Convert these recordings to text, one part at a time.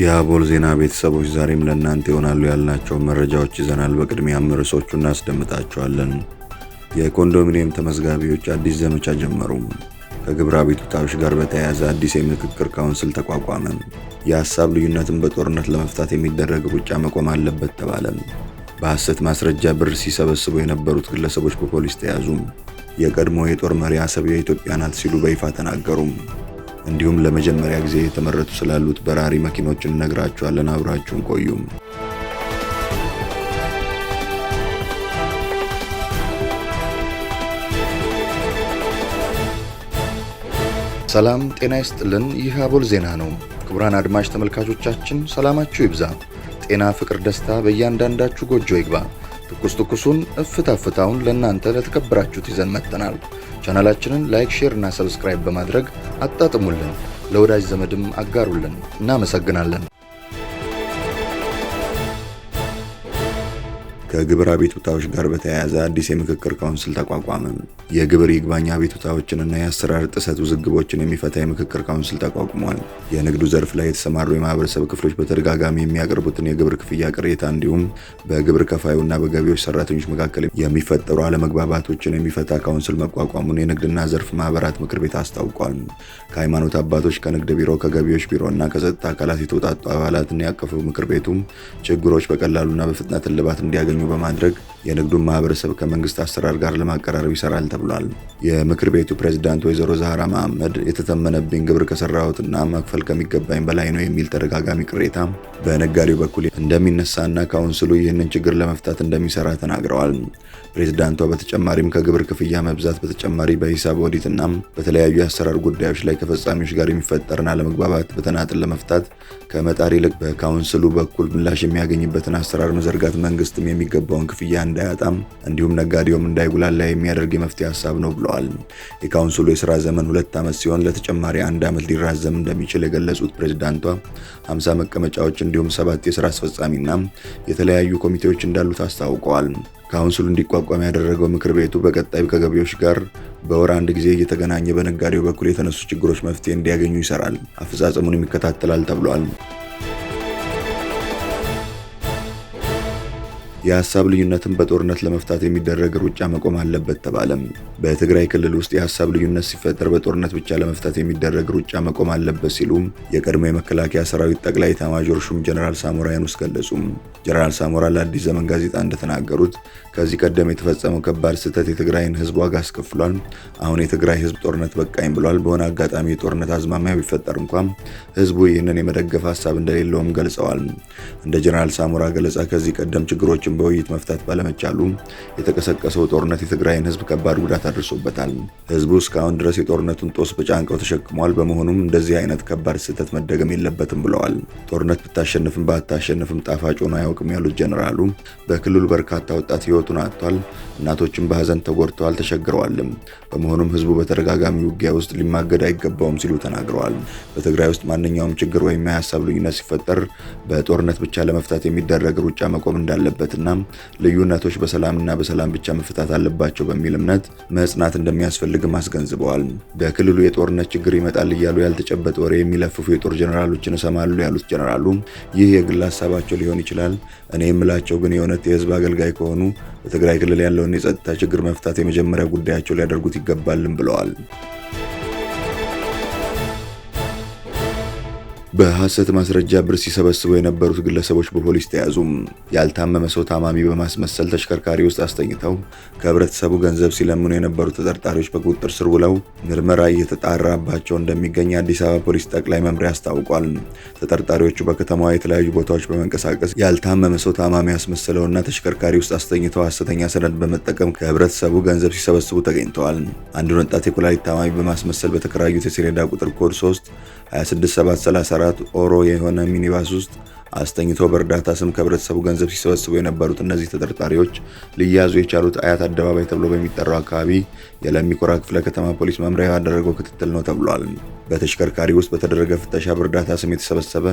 የአቦል ዜና ቤተሰቦች ዛሬም ለእናንተ ይሆናሉ ያልናቸውን መረጃዎች ይዘናል። በቅድሚያም ርዕሶቹ እናስደምጣቸዋለን። የኮንዶሚኒየም ተመዝጋቢዎች አዲስ ዘመቻ ጀመሩ። ከግብር አቤቱታዎች ጋር በተያያዘ አዲስ የምክክር ካውንስል ተቋቋመ። የሀሳብ ልዩነትን በጦርነት ለመፍታት የሚደረግ ሩጫ መቆም አለበት ተባለ። በሐሰት ማስረጃ ብር ሲሰበስቡ የነበሩት ግለሰቦች በፖሊስ ተያዙ። የቀድሞ የጦር መሪ አሰብ የኢትዮጵያ ናት ሲሉ በይፋ ተናገሩም። እንዲሁም ለመጀመሪያ ጊዜ የተመረቱ ስላሉት በራሪ መኪኖች እነግራችኋለን። አብራችሁን ቆዩም። ሰላም ጤና ይስጥልን። ይህ አቦል ዜና ነው። ክቡራን አድማጭ ተመልካቾቻችን ሰላማችሁ ይብዛ፣ ጤና፣ ፍቅር፣ ደስታ በእያንዳንዳችሁ ጎጆ ይግባ። ትኩስ ትኩሱን እፍታ ፍታውን ለእናንተ ለተከበራችሁት ይዘን መጥተናል። ቻናላችንን ላይክ፣ ሼር እና ሰብስክራይብ በማድረግ አጣጥሙልን፣ ለወዳጅ ዘመድም አጋሩልን። እናመሰግናለን። ከግብር አቤቱታዎች ጋር በተያያዘ አዲስ የምክክር ካውንስል ተቋቋመ። የግብር ይግባኝ አቤቱታዎችንና የአሰራር ጥሰት ውዝግቦችን የሚፈታ የምክክር ካውንስል ተቋቁሟል። የንግዱ ዘርፍ ላይ የተሰማሩ የማህበረሰብ ክፍሎች በተደጋጋሚ የሚያቀርቡትን የግብር ክፍያ ቅሬታ እንዲሁም በግብር ከፋዩና በገቢዎች ሰራተኞች መካከል የሚፈጠሩ አለመግባባቶችን የሚፈታ ካውንስል መቋቋሙን የንግድና ዘርፍ ማህበራት ምክር ቤት አስታውቋል። ከሃይማኖት አባቶች፣ ከንግድ ቢሮ፣ ከገቢዎች ቢሮ ከጸጥታ አካላት የተውጣጡ አባላትን ያቀፈው ምክር ቤቱም ችግሮች በቀላሉና በፍጥነት እልባት እንዲያገኙ በማድረግ የንግዱን ማህበረሰብ ከመንግስት አሰራር ጋር ለማቀራረብ ይሰራል ተብሏል። የምክር ቤቱ ፕሬዝዳንት ወይዘሮ ዛህራ መሐመድ የተተመነብኝ ግብር ከሰራሁትና መክፈል ከሚገባኝ በላይ ነው የሚል ተደጋጋሚ ቅሬታ በነጋዴው በኩል እንደሚነሳና ካውንስሉ ይህንን ችግር ለመፍታት እንደሚሰራ ተናግረዋል። ፕሬዝዳንቷ በተጨማሪም ከግብር ክፍያ መብዛት በተጨማሪ በሂሳብ ኦዲትና በተለያዩ የአሰራር ጉዳዮች ላይ ከፈጻሚዎች ጋር የሚፈጠርን አለመግባባት በተናጥል ለመፍታት ከመጣር ይልቅ በካውንስሉ በኩል ምላሽ የሚያገኝበትን አሰራር መዘርጋት መንግስትም የሚ የሚገባውን ክፍያ እንዳያጣም እንዲሁም ነጋዴውም እንዳይጉላላ የሚያደርግ የመፍትሄ ሀሳብ ነው ብለዋል። የካውንስሉ የስራ ዘመን ሁለት ዓመት ሲሆን ለተጨማሪ አንድ ዓመት ሊራዘም እንደሚችል የገለጹት ፕሬዚዳንቷ 50 መቀመጫዎች እንዲሁም ሰባት የስራ አስፈጻሚና የተለያዩ ኮሚቴዎች እንዳሉት አስታውቀዋል። ካውንስሉ እንዲቋቋም ያደረገው ምክር ቤቱ በቀጣይ ከገቢዎች ጋር በወር አንድ ጊዜ እየተገናኘ በነጋዴው በኩል የተነሱ ችግሮች መፍትሄ እንዲያገኙ ይሰራል፣ አፈጻጸሙን ይከታተላል ተብሏል። የሀሳብ ልዩነትን በጦርነት ለመፍታት የሚደረግ ሩጫ መቆም አለበት ተባለም። በትግራይ ክልል ውስጥ የሀሳብ ልዩነት ሲፈጠር በጦርነት ብቻ ለመፍታት የሚደረግ ሩጫ መቆም አለበት ሲሉም የቀድሞ የመከላከያ ሰራዊት ጠቅላይ ኤታማዦር ሹም ጀነራል ሳሞራ የኑስ ገለጹም። ጀነራል ሳሞራ ለአዲስ ዘመን ጋዜጣ እንደተናገሩት ከዚህ ቀደም የተፈጸመው ከባድ ስህተት የትግራይን ህዝብ ዋጋ አስከፍሏል። አሁን የትግራይ ህዝብ ጦርነት በቃኝ ብሏል። በሆነ አጋጣሚ የጦርነት አዝማሚያ ቢፈጠር እንኳን ህዝቡ ይህንን የመደገፍ ሀሳብ እንደሌለውም ገልጸዋል። እንደ ጀነራል ሳሞራ ገለጻ ከዚህ ቀደም ችግሮችን ችግሮችን በውይይት መፍታት ባለመቻሉ የተቀሰቀሰው ጦርነት የትግራይን ህዝብ ከባድ ጉዳት አድርሶበታል። ህዝቡ እስካሁን ድረስ የጦርነቱን ጦስ በጫንቀው ተሸክሟል። በመሆኑም እንደዚህ አይነት ከባድ ስህተት መደገም የለበትም ብለዋል። ጦርነት ብታሸንፍም ባታሸንፍም ጣፋጭ ሆኖ አያውቅም ያሉት ጀኔራሉ በክልሉ በርካታ ወጣት ህይወቱን አጥቷል። እናቶችም በሀዘን ተጎድተዋል፣ ተቸግረዋልም። በመሆኑም ህዝቡ በተደጋጋሚ ውጊያ ውስጥ ሊማገድ አይገባውም ሲሉ ተናግረዋል። በትግራይ ውስጥ ማንኛውም ችግር ወይም የሀሳብ ልዩነት ሲፈጠር በጦርነት ብቻ ለመፍታት የሚደረግ ሩጫ መቆም እንዳለበትና እናም ልዩነቶች በሰላምና በሰላም ብቻ መፍታት አለባቸው በሚል እምነት መጽናት እንደሚያስፈልግም አስገንዝበዋል። በክልሉ የጦርነት ችግር ይመጣል እያሉ ያልተጨበጠ ወሬ የሚለፍፉ የጦር ጀኔራሎችን እሰማሉ ያሉት ጀኔራሉ ይህ የግል ሀሳባቸው ሊሆን ይችላል። እኔ የምላቸው ግን የእውነት የህዝብ አገልጋይ ከሆኑ በትግራይ ክልል ያለውን የጸጥታ ችግር መፍታት የመጀመሪያ ጉዳያቸው ሊያደርጉት ይገባልም ብለዋል። በሐሰት ማስረጃ ብር ሲሰበስቡ የነበሩት ግለሰቦች በፖሊስ ተያዙ። ያልታመመ ሰው ታማሚ በማስመሰል ተሽከርካሪ ውስጥ አስተኝተው ከህብረተሰቡ ገንዘብ ሲለምኑ የነበሩ ተጠርጣሪዎች በቁጥጥር ስር ውለው ምርመራ እየተጣራባቸው እንደሚገኝ አዲስ አበባ ፖሊስ ጠቅላይ መምሪያ አስታውቋል። ተጠርጣሪዎቹ በከተማዋ የተለያዩ ቦታዎች በመንቀሳቀስ ያልታመመ ሰው ታማሚ ያስመሰለውና ተሽከርካሪ ውስጥ አስተኝተው ሐሰተኛ ሰነድ በመጠቀም ከህብረተሰቡ ገንዘብ ሲሰበስቡ ተገኝተዋል። አንዱን ወጣት የኩላሊት ታማሚ በማስመሰል በተከራዩት የሰሌዳ ቁጥር ኮድ 3 26734 ኦሮ የሆነ ሚኒባስ ውስጥ አስተኝቶ በእርዳታ ስም ከህብረተሰቡ ገንዘብ ሲሰበስቡ የነበሩት እነዚህ ተጠርጣሪዎች ሊያዙ የቻሉት አያት አደባባይ ተብሎ በሚጠራው አካባቢ የለሚኮራ ክፍለ ከተማ ፖሊስ መምሪያ ያደረገው ክትትል ነው ተብሏል። በተሽከርካሪ ውስጥ በተደረገ ፍተሻ በእርዳታ ስም የተሰበሰበ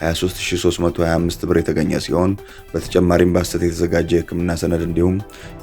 23325 ብር የተገኘ ሲሆን በተጨማሪም በሐሰት የተዘጋጀ የሕክምና ሰነድ እንዲሁም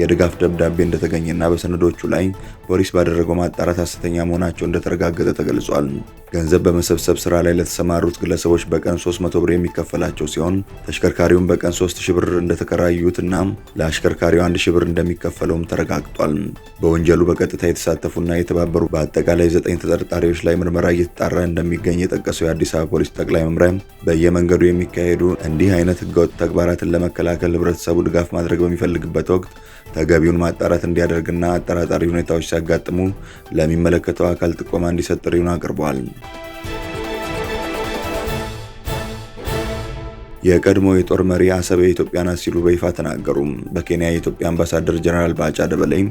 የድጋፍ ደብዳቤ እንደተገኘና በሰነዶቹ ላይ ፖሊስ ባደረገው ማጣራት ሐሰተኛ መሆናቸው እንደተረጋገጠ ተገልጿል። ገንዘብ በመሰብሰብ ስራ ላይ ለተሰማሩት ግለሰቦች በቀን 300 ብር የሚከፈላቸው ሲሆን ተሽከርካሪውን በቀን 3000 ብር እንደተከራዩት እና ለአሽከርካሪው 1000 ብር እንደሚከፈለውም ተረጋግጧል። በወንጀሉ በቀጥታ የተሳተፉና የተባበሩ በአጠቃላይ 9 ተጠርጣሪዎች ላይ ምርመራ እየተጣራ እንደሚገኝ የጠቀሰው የአዲስ አበባ ፖሊስ ጠቅላይ መምሪያም በየመንገዱ የሚካሄዱ እንዲህ አይነት ህገወጥ ተግባራትን ለመከላከል ህብረተሰቡ ድጋፍ ማድረግ በሚፈልግበት ወቅት ተገቢውን ማጣራት እንዲያደርግና አጠራጣሪ ሁኔታዎች ሲያጋጥሙ ለሚመለከተው አካል ጥቆማ እንዲሰጥ ጥሪውን አቅርበዋል። የቀድሞ የጦር መሪ አሰብ የኢትዮጵያ ናት ሲሉ በይፋ ተናገሩ። በኬንያ የኢትዮጵያ አምባሳደር ጀነራል ባጫ ደበላይ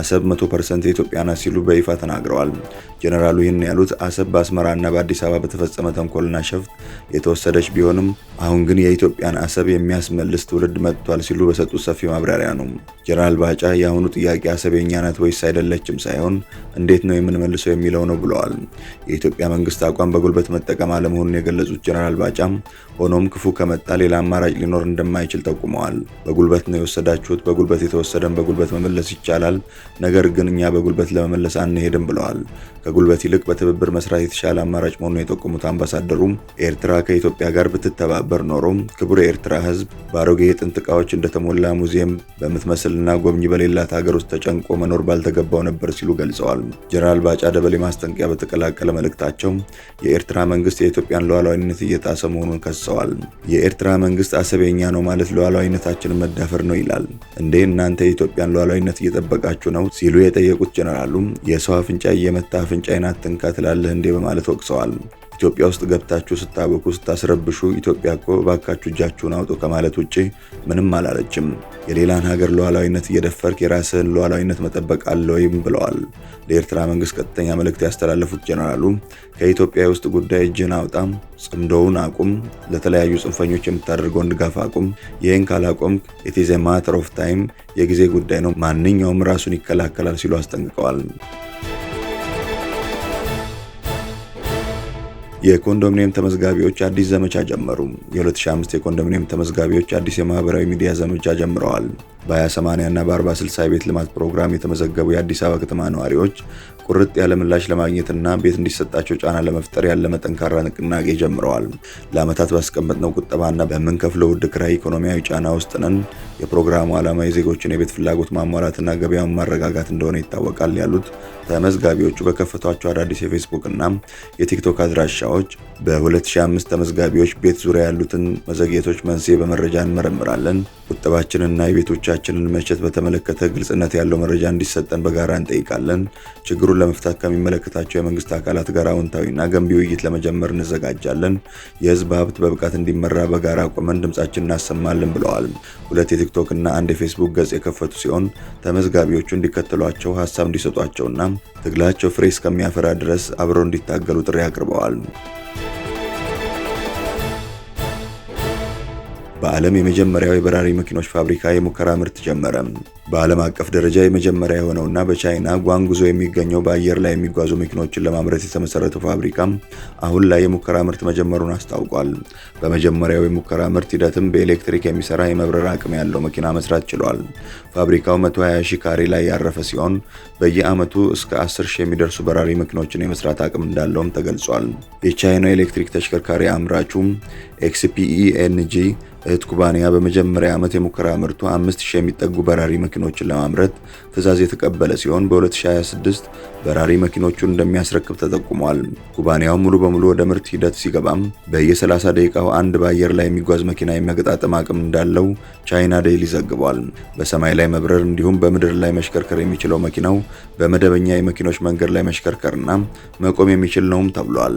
አሰብ 100% የኢትዮጵያ ናት ሲሉ በይፋ ተናግረዋል። ጀነራሉ ይህን ያሉት አሰብ በአስመራና በአዲስ አበባ በተፈጸመ ተንኮልና ሸፍት የተወሰደች ቢሆንም አሁን ግን የኢትዮጵያን አሰብ የሚያስመልስ ትውልድ መጥቷል ሲሉ በሰጡት ሰፊ ማብራሪያ ነው። ጀነራል ባጫ የአሁኑ ጥያቄ አሰብ የእኛ ናት ወይስ አይደለችም ሳይሆን እንዴት ነው የምንመልሰው የሚለው ነው ብለዋል። የኢትዮጵያ መንግስት አቋም በጉልበት መጠቀም አለመሆኑን የገለጹት ጀነራል ባጫም ሆኖም ክፉ ከ ከመጣ ሌላ አማራጭ ሊኖር እንደማይችል ጠቁመዋል። በጉልበት ነው የወሰዳችሁት፣ በጉልበት የተወሰደን በጉልበት መመለስ ይቻላል። ነገር ግን እኛ በጉልበት ለመመለስ አንሄድም ብለዋል። ከጉልበት ይልቅ በትብብር መስራት የተሻለ አማራጭ መሆኑን የጠቆሙት አምባሳደሩም ኤርትራ ከኢትዮጵያ ጋር ብትተባበር ኖሮም ክቡር የኤርትራ ሕዝብ በአሮጌ የጥንት እቃዎች እንደተሞላ ሙዚየም በምትመስልና ጎብኚ በሌላት ሀገር ውስጥ ተጨንቆ መኖር ባልተገባው ነበር ሲሉ ገልጸዋል። ጀነራል ባጫ ደበሌ ማስጠንቀቂያ በተቀላቀለ መልእክታቸው የኤርትራ መንግስት የኢትዮጵያን ሉዓላዊነት እየጣሰ መሆኑን ከሰዋል። የኤርትራ መንግስት አሰበኛ ነው ማለት ሉዓላዊነታችንን መዳፈር ነው ይላል። እንዴ እናንተ የኢትዮጵያን ሉዓላዊነት እየጠበቃችሁ ነው ሲሉ የጠየቁት ጀነራሉም የሰው አፍንጫ እየመታ አፍንጫ አትንካ ትላለህ እንዴ በማለት ወቅሰዋል። ኢትዮጵያ ውስጥ ገብታችሁ ስታበኩ፣ ስታስረብሹ ኢትዮጵያ እኮ ባካችሁ እጃችሁን አውጡ ከማለት ውጭ ምንም አላለችም። የሌላን ሀገር ሉዓላዊነት እየደፈርክ የራስህን ሉዓላዊነት መጠበቅ አለ ወይም ብለዋል። ለኤርትራ መንግስት ቀጥተኛ መልእክት ያስተላለፉት ጀነራሉ ከኢትዮጵያ ውስጥ ጉዳይ እጅን አውጣም፣ ጽምዶውን አቁም፣ ለተለያዩ ጽንፈኞች የምታደርገውን ድጋፍ አቁም። ይህን ካላቆም ኢት ኢዝ ማተር ኦፍ ታይም የጊዜ ጉዳይ ነው፣ ማንኛውም ራሱን ይከላከላል ሲሉ አስጠንቅቀዋል። የኮንዶሚኒየም ተመዝጋቢዎች አዲስ ዘመቻ ጀመሩ። የ2005 የኮንዶሚኒየም ተመዝጋቢዎች አዲስ የማህበራዊ ሚዲያ ዘመቻ ጀምረዋል። በ20/80 እና በ40/60 የቤት ልማት ፕሮግራም የተመዘገቡ የአዲስ አበባ ከተማ ነዋሪዎች ቁርጥ ያለ ምላሽ ለማግኘትና ቤት እንዲሰጣቸው ጫና ለመፍጠር ያለመ ጠንካራ ንቅናቄ ጀምረዋል። ለዓመታት ባስቀመጥነው ቁጠባና በምንከፍለው ውድ ክራይ ኢኮኖሚያዊ ጫና ውስጥ ነን። የፕሮግራሙ ዓላማ የዜጎችን የቤት ፍላጎት ማሟላትና ገበያውን ማረጋጋት እንደሆነ ይታወቃል ያሉት ተመዝጋቢዎቹ በከፈቷቸው አዳዲስ የፌስቡክና የቲክቶክ አድራሻዎች በ2005 ተመዝጋቢዎች ቤት ዙሪያ ያሉትን መዘግየቶች መንስኤ በመረጃ እንመረምራለን። ቁጠባችንና የቤቶቻችንን መቼት በተመለከተ ግልጽነት ያለው መረጃ እንዲሰጠን በጋራ እንጠይቃለን። ችግሩን ችግሩን ለመፍታት ከሚመለከታቸው የመንግስት አካላት ጋር አዎንታዊና ገንቢ ውይይት ለመጀመር እንዘጋጃለን። የህዝብ ሀብት በብቃት እንዲመራ በጋራ ቆመን ድምጻችን እናሰማለን ብለዋል። ሁለት የቲክቶክ እና አንድ የፌስቡክ ገጽ የከፈቱ ሲሆን ተመዝጋቢዎቹ እንዲከተሏቸው፣ ሀሳብ እንዲሰጧቸውና ትግላቸው ፍሬ እስከሚያፈራ ድረስ አብረው እንዲታገሉ ጥሪ አቅርበዋል። በዓለም የመጀመሪያው የበራሪ መኪኖች ፋብሪካ የሙከራ ምርት ጀመረ። በዓለም አቀፍ ደረጃ የመጀመሪያ የሆነውና በቻይና ጓንጉዞ የሚገኘው በአየር ላይ የሚጓዙ መኪኖችን ለማምረት የተመሰረተው ፋብሪካ አሁን ላይ የሙከራ ምርት መጀመሩን አስታውቋል። በመጀመሪያው የሙከራ ምርት ሂደትም በኤሌክትሪክ የሚሰራ የመብረር አቅም ያለው መኪና መስራት ችሏል። ፋብሪካው 120 ሺህ ካሬ ላይ ያረፈ ሲሆን በየዓመቱ እስከ 10 ሺህ የሚደርሱ በራሪ መኪኖችን የመስራት አቅም እንዳለውም ተገልጿል። የቻይና ኤሌክትሪክ ተሽከርካሪ አምራቹ ኤክስፒኢኤንጂ እህት ኩባንያ በመጀመሪያ ዓመት የሙከራ ምርቱ 5000 የሚጠጉ በራሪ መኪኖችን ለማምረት ትዕዛዝ የተቀበለ ሲሆን በ2026 በራሪ መኪኖቹን እንደሚያስረክብ ተጠቁሟል። ኩባንያው ሙሉ በሙሉ ወደ ምርት ሂደት ሲገባም በየ30 ደቂቃው አንድ በአየር ላይ የሚጓዝ መኪና የመገጣጠም አቅም እንዳለው ቻይና ዴይሊ ዘግቧል። በሰማይ ላይ መብረር እንዲሁም በምድር ላይ መሽከርከር የሚችለው መኪናው በመደበኛ የመኪኖች መንገድ ላይ መሽከርከርና መቆም የሚችል ነውም ተብሏል።